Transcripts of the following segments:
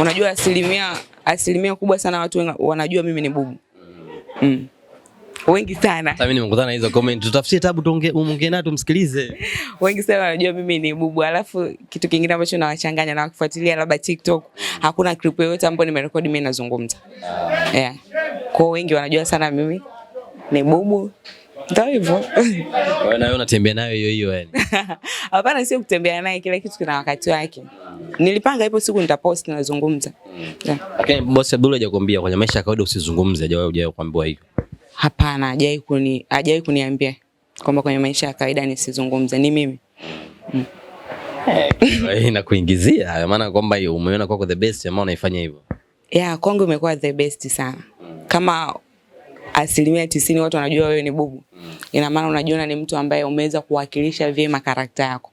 Unajua asilimia asilimia kubwa sana watu wanajua mimi ni bubu. Mm. Wengi sana. Sasa mimi nimekutana hizo comment. Tutafsiri tabu tuongee umongee na tumsikilize. Wengi sana wanajua mimi ni bubu. Alafu kitu kingine ambacho nawachanganya na wakifuatilia labda TikTok, hakuna clip yoyote ambayo nimerekodi mimi nazungumza. Yeah. Kwa wengi wanajua sana mimi ni bubu ndio hivyo. Wewe na wewe unatembea nayo hiyo hiyo yani? Hapana, sio kutembea naye, kila kitu kina wakati wake. Nilipanga ipo siku nitapost zungumza. Mm. Lakini yeah. Okay, boss Abdul hajakwambia kwenye maisha ya kawaida usizungumze, hajawahi hujawahi kuambiwa hiyo? Hapana, hajawahi kuni hajawahi kuniambia kwamba kwenye maisha ya kawaida nisizungumze, ni mimi mm. Hey, eh, na Inakuingizia maana kwamba umeona kwako the best, ama unaifanya hivyo? Yeah, kwangu imekuwa the best sana kama asilimia tisini watu wanajua wewe ni bubu, ina maana unajiona ni mtu ambaye umeweza kuwakilisha vyema karakta yako.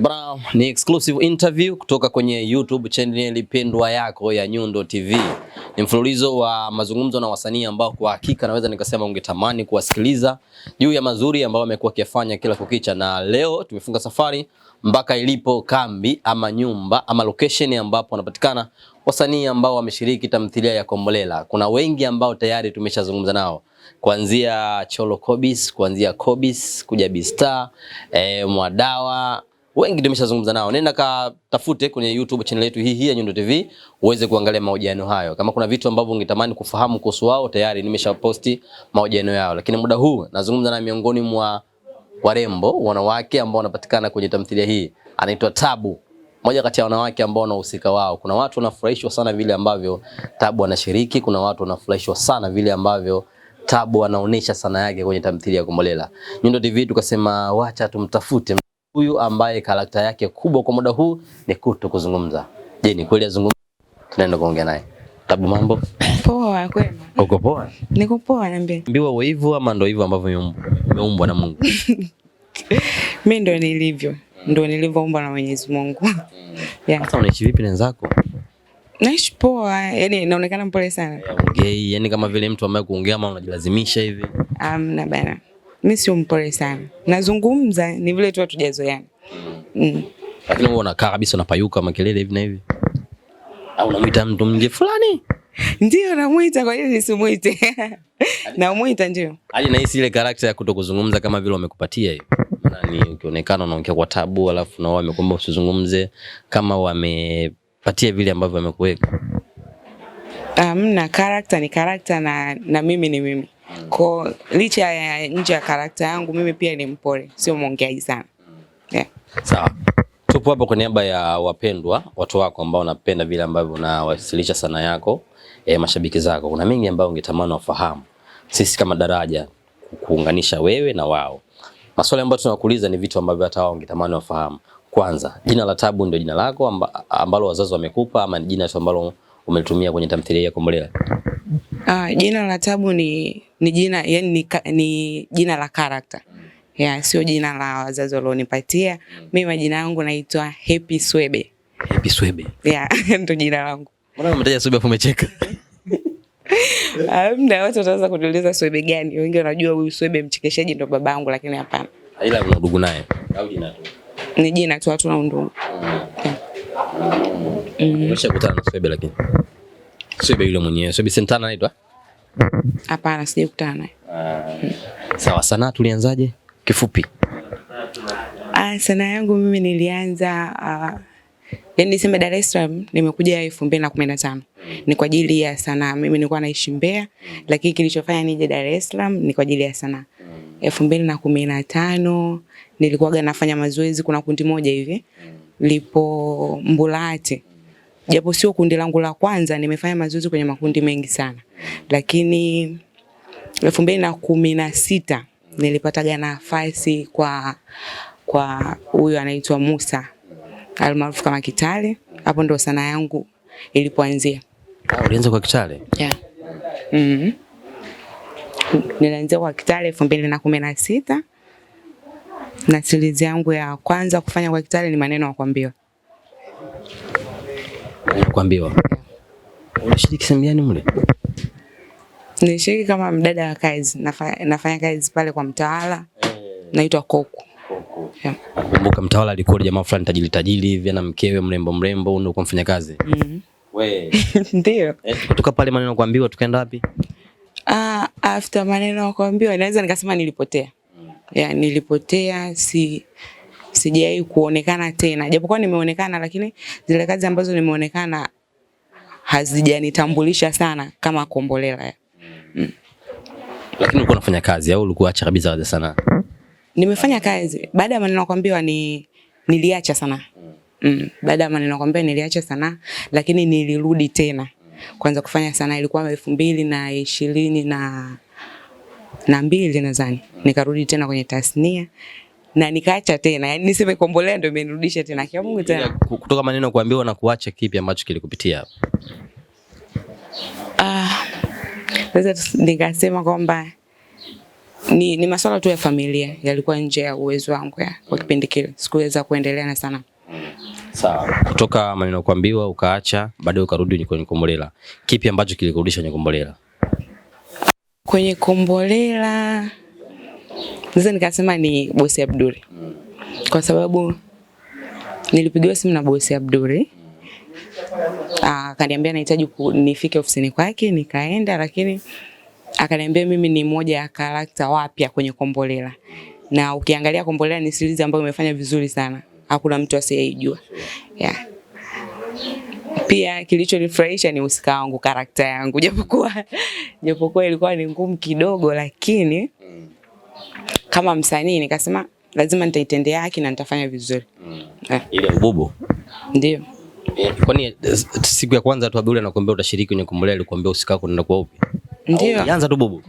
Bwana, ni exclusive interview kutoka kwenye YouTube channel pendwa yako ya Nyundo TV. Ni mfululizo wa mazungumzo na wasanii ambao kwa hakika naweza nikasema ungetamani kuwasikiliza juu ya mazuri ambayo wamekuwa wakifanya kila kukicha, na leo tumefunga safari mpaka ilipo kambi ama nyumba ama location ambapo wanapatikana wasanii ambao wameshiriki tamthilia ya Kombolela. Kuna wengi ambao tayari tumeshazungumza nao kuanzia Cholo Kobis, kuanzia Kobis kuja Bistar, eh, Mwadawa wengi nimeshazungumza nao. Nenda katafute kwenye YouTube channel yetu hii hii ya Nyundo TV uweze kuangalia mahojiano hayo. Kama kuna vitu ambavyo ungetamani kufahamu kuhusu wao, tayari nimeshaposti mahojiano yao. Lakini muda huu nazungumza na miongoni mwa warembo wanawake ambao wanapatikana kwenye tamthilia hii, anaitwa Tabu, moja kati ya wanawake ambao wanahusika wao. Kuna watu wanafurahishwa sana vile ambavyo Tabu anashiriki, kuna watu wanafurahishwa sana vile ambavyo Tabu anaonesha sana yake kwenye tamthilia ya Kombolela. Nyundo TV tukasema wacha tumtafute huyu ambaye karakta yake kubwa kwa muda huu ni kuto kuzungumza. Je, ni kweli azungumza? Tunaenda kuongea naye. Tabu, mambo poa? Kwema, uko poa? Niko poa. Niambie, mbiwa wewe hivyo ama ndio hivyo ambavyo umeumbwa na Mungu? Mimi ndio nilivyo, ndio nilivyoumbwa na Mwenyezi Mungu. Yeah. Sasa unaishi vipi na wenzako? Naishi poa, yani naonekana mpole sana. Ongei, yani kama vile mtu ambaye kuongea ama unajilazimisha hivi? Amna um, bana mi sio mpole sana, nazungumza ni vile tu hatujazoeana mm. Lakini wewe unakaa kabisa unapayuka makelele hivi na hivi, au unamwita mtu mwingine fulani? Ndio, namwita kwa hiyo nisimwite. Namwita ndio. Hadi nahisi ile karakta ya kutokuzungumza kama vile wamekupatia hiyo. Maana ni ukionekana unaongea kwa tabu, alafu na wao wamekwambia usizungumze kama wamepatia vile ambavyo wamekuweka. Amna, um, karakta ni karakta na, na mimi ni mimi. Kwa licha ya nje ya karakta yangu mimi pia ni mpole, sio mwongeaji sana. Yeah. Sawa. Tupo hapo kwa niaba ya wapendwa watu wako ambao unapenda vile ambavyo unawasilisha sana yako, e, mashabiki zako. Kuna mengi ambayo ungetamani wafahamu. Sisi kama daraja kuunganisha wewe na wao. Maswali ambayo tunakuuliza ni vitu ambavyo hata wao ungetamani wafahamu. Kwanza, jina la Tabu ndio jina lako amba, ambalo wazazi wamekupa ama ni jina ambalo umelitumia kwenye tamthilia ya Kombolela? Uh, jina la Tabu ni, ni jina yani ni, ni jina la character. Yeah, sio jina la wazazi walionipatia. Mimi majina yangu naitwa Happy Swebe. Happy Swebe. Yeah, ndo jina langu. Mbona umetaja Swebe afu umecheka? Amna watu wataanza kuniuliza Swebe gani? Wengi wanajua huyu Swebe mchekeshaji ndo babangu lakini hapana. Ila kuna ndugu naye au jina tu? Ni jina tu, hatuna undugu. Mm. Yeah. Mm. Nimeshakutana na Swebe lakini Sio yule mwenyewe. Sio Santana anaitwa? Eh? Hapana, sijakutana naye. Sawa, sanaa tulianzaje? Kifupi. Ah, sanaa yangu mimi nilianza uh, ah, yani niseme Dar es Salaam nimekuja 2015. Ni kwa ajili ya sanaa. Mimi nilikuwa naishi Mbeya, lakini kilichofanya nije Dar es Salaam ni kwa ajili ya sanaa. elfu mbili na kumi na tano nilikuwaga nafanya mazoezi, kuna kundi moja hivi lipo Mbulati japo sio kundi langu la kwanza, nimefanya mazoezi kwenye makundi mengi sana, lakini elfu mbili na kumi na sita nilipataga nafasi kwa kwa huyu anaitwa Musa almaarufu kama Kitale. Hapo ndo sanaa yangu ilipoanzia. Ah, ulianza kwa Kitale? Yeah. Mm -hmm. Nilianzia kwa Kitale elfu mbili na kumi na sita na silizi yangu ya kwanza kufanya kwa Kitale ni maneno ya kuambiwa kuambiwa. Unashiriki sehemu gani mle? Nishiriki kama mdada wa kazi, nafanya, nafanya kazi pale kwa mtawala naitwa Koko. Yeah. Kumbuka mtawala alikuwa jamaa fulani tajiri tajiri hivi na mkewe mrembo mrembo, ndio kwa mfanya kazi. mm ndio eh, kutoka pale maneno kuambiwa, tukaenda wapi? Ah, after maneno kuambiwa, naweza nikasema nilipotea. Mm. Yeah, nilipotea si sijawahi kuonekana tena, japokuwa nimeonekana, lakini zile kazi ambazo nimeonekana hazijanitambulisha sana kama Kombolela. Mm. Lakini ulikuwa unafanya kazi au ulikuwa acha kabisa kazi sana? Nimefanya kazi baada ya maneno kwambiwa ni niliacha sana. Mm. Baada ya maneno kwambiwa niliacha sana, lakini nilirudi tena kwanza kufanya sana, ilikuwa elfu mbili na ishirini na na mbili nadhani, nikarudi tena kwenye tasnia na nikaacha tena, yani niseme Kombolea ndio imenirudisha tena kwa Mungu tena. Kutoka maneno kuambiwa na kuacha, kipi ambacho kilikupitia? Ah, naweza ningasema kwamba ni, ni masuala tu ya familia yalikuwa nje ya uwezo wangu kwa kipindi kile, sikuweza kuendelea na sana. Sawa, kutoka maneno kuambiwa ukaacha, baadaye ukarudi kwenye Kombolela, kipi ambacho kilikurudisha kwenye Kombolela? Kwenye Kombolela sasa nikasema ni bosi Abduri, kwa sababu nilipigiwa simu na bosi Abduri ah, akaniambia nahitaji nifike ofisini kwake, nikaenda, lakini akaniambia mimi ni moja ya karakta wapya kwenye Kombolela, na ukiangalia Kombolela ni series ambayo imefanya vizuri sana, hakuna mtu asiyejua yeah. Pia kilichonifurahisha ni usika wangu, karakta yangu, japokuwa japokuwa ilikuwa ni ngumu kidogo, lakini kama msanii nikasema lazima nitaitendea haki na nitafanya vizuri. Mm. Eh. Ile ububu. Ndio. Yeah. Kwani eh, siku ya kwanza tu Abiuli anakuambia utashiriki kwenye Kumbulela alikwambia usikao kunaenda kwa upi? Ndio. Alianza tu bubu.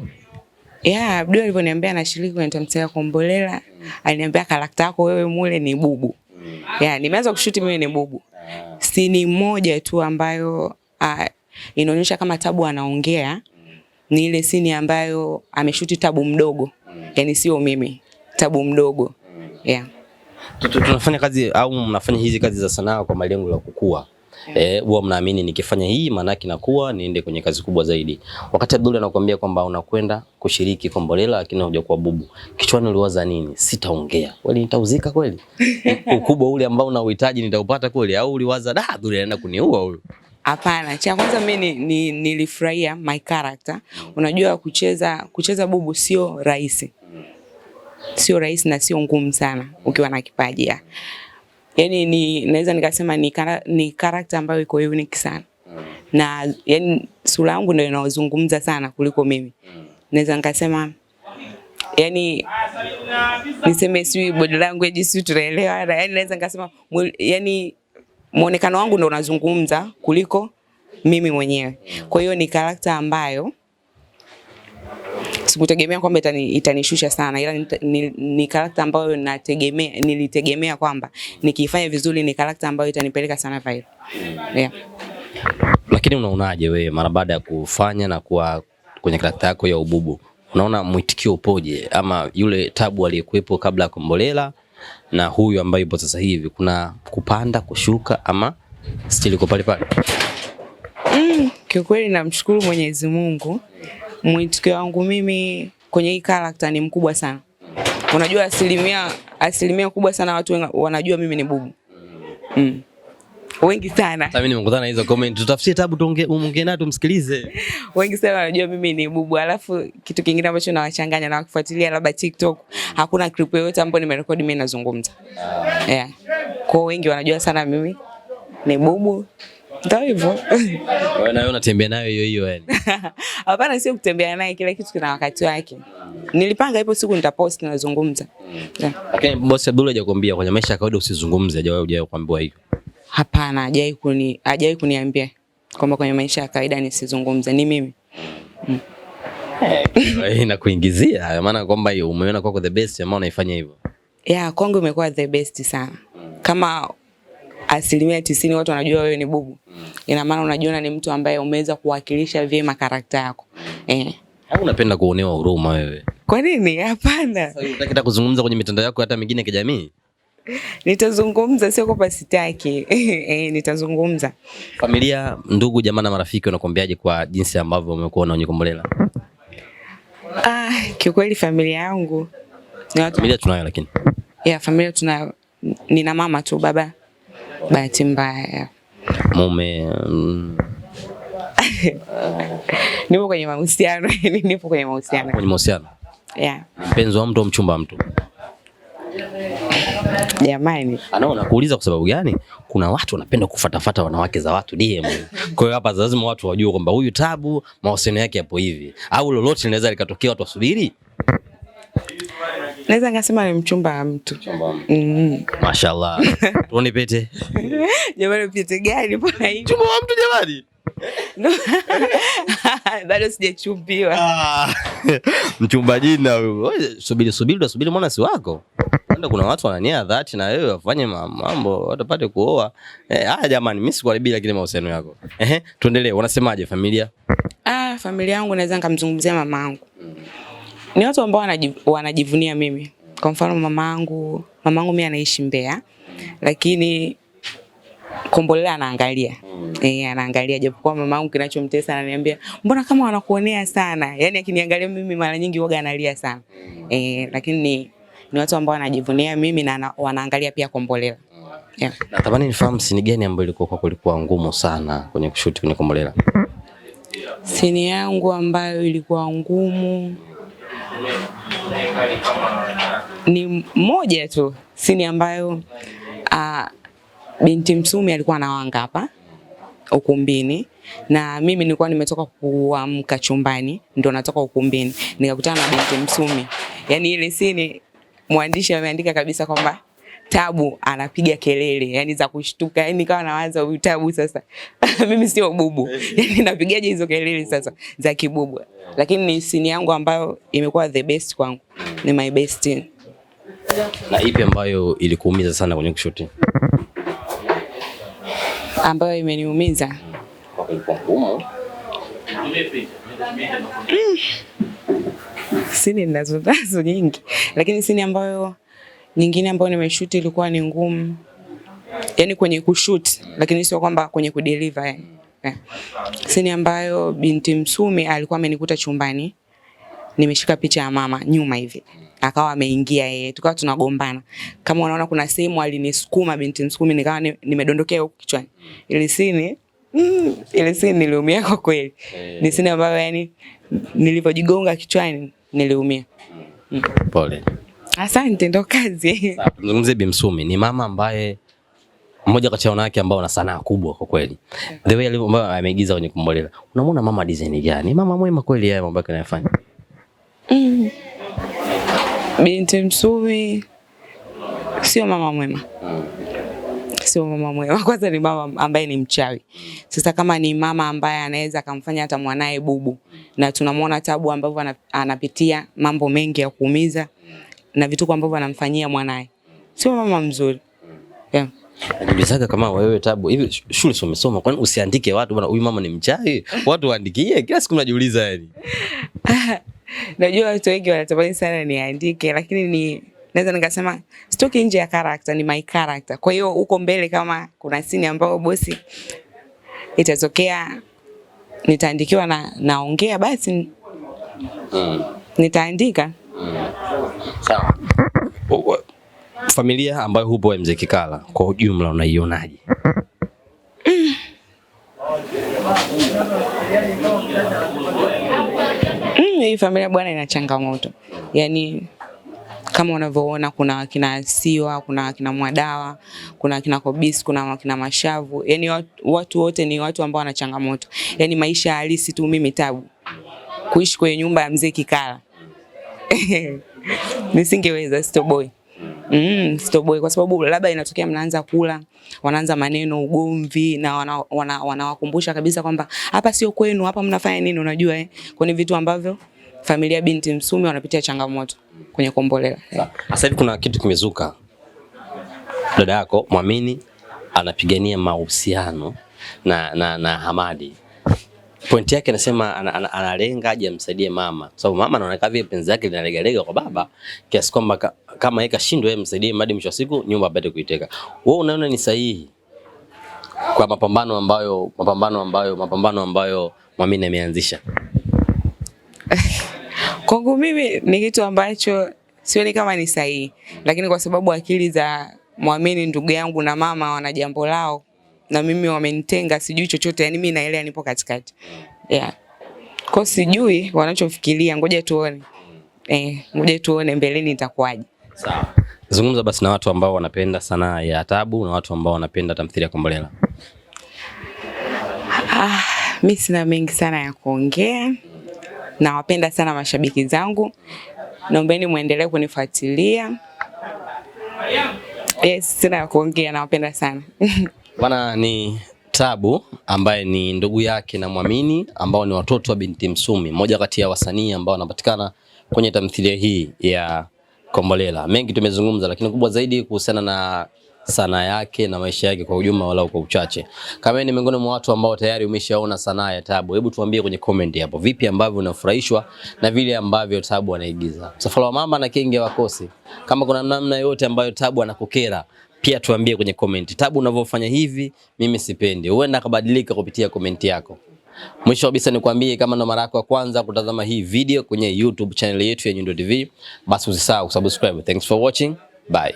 Yeah, Abdul aliponiambia anashiriki kwenye tamthilia ya Kombolela, aliniambia karakta yako wewe mule ni bubu. Mm. Yeah, nimeanza kushuti mimi ni bubu. Ah. si ni moja tu ambayo uh, inaonyesha kama Tabu anaongea ni ile sini ambayo ameshuti Tabu mdogo. Mm. yani sio mimi, Tabu Mdogo mm. yeah. Tunafanya kazi au mnafanya hizi kazi za sanaa kwa malengo ya kukua eh, huwa yeah. E, mnaamini nikifanya hii maanake nakuwa niende kwenye kazi kubwa zaidi. Wakati Abdul anakuambia kwamba unakwenda kushiriki Kombolela lakini hujakuwa bubu, kichwani uliwaza nini? Sitaongea kweli, nitauzika kweli? ukubwa ule ambao unauhitaji nitaupata kweli, au uliwaza da, Abdul anaenda kuniua huyu? Hapana, cha kwanza mimi ni, nilifurahia my character. Unajua kucheza kucheza bubu sio rahisi, sio rahisi na sio ngumu sana ukiwa na kipaji ya. Yani ni naweza nikasema ni, ni character ambayo iko unique sana na yani sura yangu ndio inaozungumza sana kuliko mimi. Naweza nikasema yani niseme si body language si tunaelewana. Yani naweza nikasema yani muonekano wangu ndo unazungumza kuliko mimi mwenyewe. Kwa hiyo ni karakta ambayo sikutegemea kwamba itani, itanishusha sana, ila ni, ni, karakta ambayo nategemea, nilitegemea kwamba nikifanya vizuri ni karakta ambayo itanipeleka sana viral. Yeah. Lakini unaonaje wewe mara baada ya kufanya na kuwa kwenye karakta yako ya ububu, unaona mwitikio upoje, ama yule tabu aliyekuwepo kabla ya Kombolela na huyu ambaye yupo sasa hivi, kuna kupanda kushuka ama stili kwa pale pale? Mm, kiukweli namshukuru Mwenyezi Mungu, mwitikio wangu mimi kwenye hii character ni mkubwa sana. Unajua asilimia asilimia kubwa sana watu wanajua mimi ni bubu mm wengi sana. Sasa mimi nimekutana hizo comment, tutafutie tabu tuongee na tumsikilize. Wengi sana wanajua mimi ni bubu, alafu kitu kingine ambacho nawachanganya na kufuatilia labda TikTok, hakuna clip yoyote ambayo nimerekodi mimi nazungumza. Yeah. Kwa wengi wanajua sana mimi ni bubu ndio hivyo. Wewe nayo unatembea nayo hiyo hiyo yani. Hapana, sio kutembea naye, kila kitu kina wakati wake. Nilipanga ipo siku nitapost nazungumza. Mm. Lakini yeah. Okay, boss Abdul hajakwambia kwenye maisha ya kawaida usizungumze, hajawahi kuambiwa hiyo. Hapana, hajawahi kuni hajawahi kuniambia kwamba kwenye maisha ya kawaida nisizungumze, ni mimi mm. Hey, eh, nakuingizia maana kwamba umeona kwako the best ambayo unaifanya hivyo. Yeah, kwangu imekuwa the best sana. Kama asilimia tisini watu wanajua wewe ni bubu, ina maana unajiona ni mtu ambaye umeweza kuwakilisha vyema karakta yako eh. Au unapenda kuonewa huruma wewe? Kwa nini? Hapana. Sasa unataka kuzungumza kwenye mitandao yako hata mingine ya kijamii? Nitazungumza, sio kwamba sitaki. E, nitazungumza. Familia, ndugu, jamaa na marafiki wanakuambiaje kwa jinsi ambavyo umekuwa na Onyekombolela? Ah, kiukweli familia yangu watu... familia tunayo lakini yeah, familia tunayo. Nina mama tu, baba bahati mbaya mume nipo kwenye mahusiano nipo kwenye mahusiano kwenye mahusiano yeah. Mpenzi wa mtu, mchumba wa mtu Jamani, ana kuuliza kwa sababu gani? Kuna watu wanapenda kufatafata wanawake za watu DM. Kwa hiyo hapa lazima watu wajue kwamba huyu Tabu mahusiano yake yapo hivi, au lolote linaweza likatokea, watu wasubiri. Naweza ngasema ni mchumba wa mtu. Mm. Mashallah. Tuone pete. Jamani, pete gani bwana hii? Mchumba wa mtu jamani. Bado sijachumbiwa. Ah. Mchumba jina huyo. Subiri subiri, subiri mwana si wako huenda kuna watu wanania dhati na wewe wafanye mambo watapate kuoa. Eh, haya jamani, mimi sikuharibii lakini mahusiano yako. Eh, tuendelee. Wanasemaje familia? Ah, familia yangu naweza nikamzungumzia mamangu. Ni watu ambao wanajivunia mimi. Kwa mfano mamangu, mamangu mimi anaishi Mbeya lakini Kombolela anaangalia. Eh, anaangalia japokuwa mamangu kinachomtesa ananiambia, "Mbona kama wanakuonea sana?" Yaani akiniangalia mimi mara nyingi huaga analia sana. Eh, lakini ni watu ambao wanajivunia mimi na wanaangalia pia Kombolela. Yeah. Natamani nifahamu sini gani ambayo ilikuwa kwa kulikuwa ngumu sana kwenye kushuti kwenye Kombolela? Sini yangu ambayo ilikuwa ngumu ni moja tu, sini ambayo a, binti Msumi alikuwa anawanga hapa ukumbini na mimi nilikuwa nimetoka kuamka chumbani, ndio natoka ukumbini nikakutana na binti Msumi, yani ile sini mwandishi ameandika kabisa kwamba Tabu anapiga kelele yani za kushtuka, yani nikawa nawaza huyu Tabu sasa mimi sio bubu yani napigaje hizo kelele sasa za kibubu, lakini ni sini yangu ambayo imekuwa the best kwangu, ni my best. Na ipi ambayo ilikuumiza sana kwenye kushuti? ambayo imeniumiza mm sini ninazo nazo nyingi, lakini sini ambayo nyingine ambayo nimeshoot ilikuwa ni ngumu, yani kwenye kushoot, lakini sio kwamba kwenye kudeliver yani. Yeah. Sini ambayo binti Msumi alikuwa amenikuta chumbani nimeshika picha ya mama nyuma hivi, akawa ameingia yeye, tukawa tunagombana. Kama unaona kuna sehemu alinisukuma binti Msumi, nikawa nimedondokea huko kichwani. Ile sini mm, ile sini niliumia kwa kweli. Eh. Ni sini ambayo yani nilivyojigonga kichwani niliumia. Mm. mm. Pole. Asante, ndo kazi. Tumzungumzie Bi Msumi, ni mama ambaye mmoja kati ya wanawake ambao wana sanaa kubwa kwa kweli. Mm. The way alivyo ambaye ameigiza kwenye Kombolela. Unamwona mama design gani? Mama mwema kweli yeye mambo yake anayofanya. Mm. Binti Msumi sio mama mwema. Mm sio mama mwema, kwanza ni mama ambaye ni mchawi. Sasa kama ni mama ambaye anaweza akamfanya hata mwanae bubu, na tunamwona Tabu ambavyo anapitia mambo mengi ya kuumiza na vituko ambavyo anamfanyia mwanae, sio mama mzuri yeah. Najiulizaga kama wewe Tabu, hivi shule sio umesoma, kwani usiandike watu bwana, huyu mama ni mchawi, watu waandikie? Kila siku najiuliza yani. Najua watu wengi wanatamani sana niandike, lakini ni naweza nikasema sitoki nje ya character, ni my character. Kwa hiyo huko mbele kama kuna sini ambayo bosi itatokea nitaandikiwa na naongea basi mm. nitaandika mm. Sawa. Familia ambayo hupo Mzee Kikala kwa ujumla unaionaje? mm. mm, hii familia bwana ina changamoto yaani kama unavyoona kuna kina Siwa, kuna kina Mwadawa, kuna kina Kobis, kuna kina Mashavu. Yani watu wote ni watu ambao wana changamoto, yani maisha halisi tu. Mimi tabu kuishi kwenye nyumba ya mzee Kikala nisingeweza, sitoboi Mm, sitoboi kwa sababu labda inatokea mnaanza kula, wanaanza maneno, ugomvi na wanawakumbusha wana, wana kabisa kwamba hapa sio kwenu, hapa mnafanya nini? Unajua eh, kwa ni vitu ambavyo familia binti Msumi wanapitia changamoto kwenye Kombolela. Sasa hivi kuna kitu kimezuka, dada yako Mwamini anapigania mahusiano na, na, na Hamadi pointi yake anasema analenga aje amsaidie mama, kwa sababu mama anaonekana vile penzi yake linalegalega kwa baba, kiasi kwamba kama yeye kashindwa, yeye msaidie hadi mwisho wa siku nyumba apate kuiteka. Wewe unaona ni sahihi kwa mapambano ambayo mapambano ambayo mapambano ambayo Mwamini ameanzisha? Kwangu mimi ni kitu ambacho sioni kama ni sahihi, lakini kwa sababu akili za Mwamini ndugu yangu na mama wana jambo lao na mimi wamenitenga, sijui chochote. Yani mimi naelewa nipo katikati yeah. Kwa sijui wanachofikiria, ngoja tuone eh, ngoja tuone mbeleni itakuwaje. Sawa, zungumza basi na watu ambao wanapenda sanaa ya tabu na watu ambao wanapenda tamthilia ya Kombolela. Ah, mimi sina mengi sana ya kuongea. Nawapenda sana mashabiki zangu, naombeni muendelee kunifuatilia. Yes, sina ya kuongea, nawapenda sana bwana. Ni Tabu ambaye ni ndugu yake na Mwamini ambao ni watoto wa binti Msumi, mmoja kati ya wasanii ambao wanapatikana kwenye tamthilia hii ya Kombolela. Mengi tumezungumza, lakini kubwa zaidi kuhusiana na sanaa yake na maisha yake kwa ujumla, walau kwa uchache. Kama ni miongoni mwa watu ambao tayari umeshaona sanaa ya Tabu, hebu tuambie kwenye comment hapo, vipi ambavyo unafurahishwa na vile ambavyo Tabu anaigiza. Msafara wa mama na kenge wakosi, kama kuna namna yote ambayo Tabu anakukera pia tuambie kwenye comment. Tabu, unavyofanya hivi mimi sipendi, huenda akabadilika kupitia comment yako. Mwisho kabisa nikwambie, kama ndo mara yako ya kwanza kutazama hii video kwenye YouTube channel yetu ya Nyundo TV, basi usisahau kusubscribe. Thanks for watching. Bye.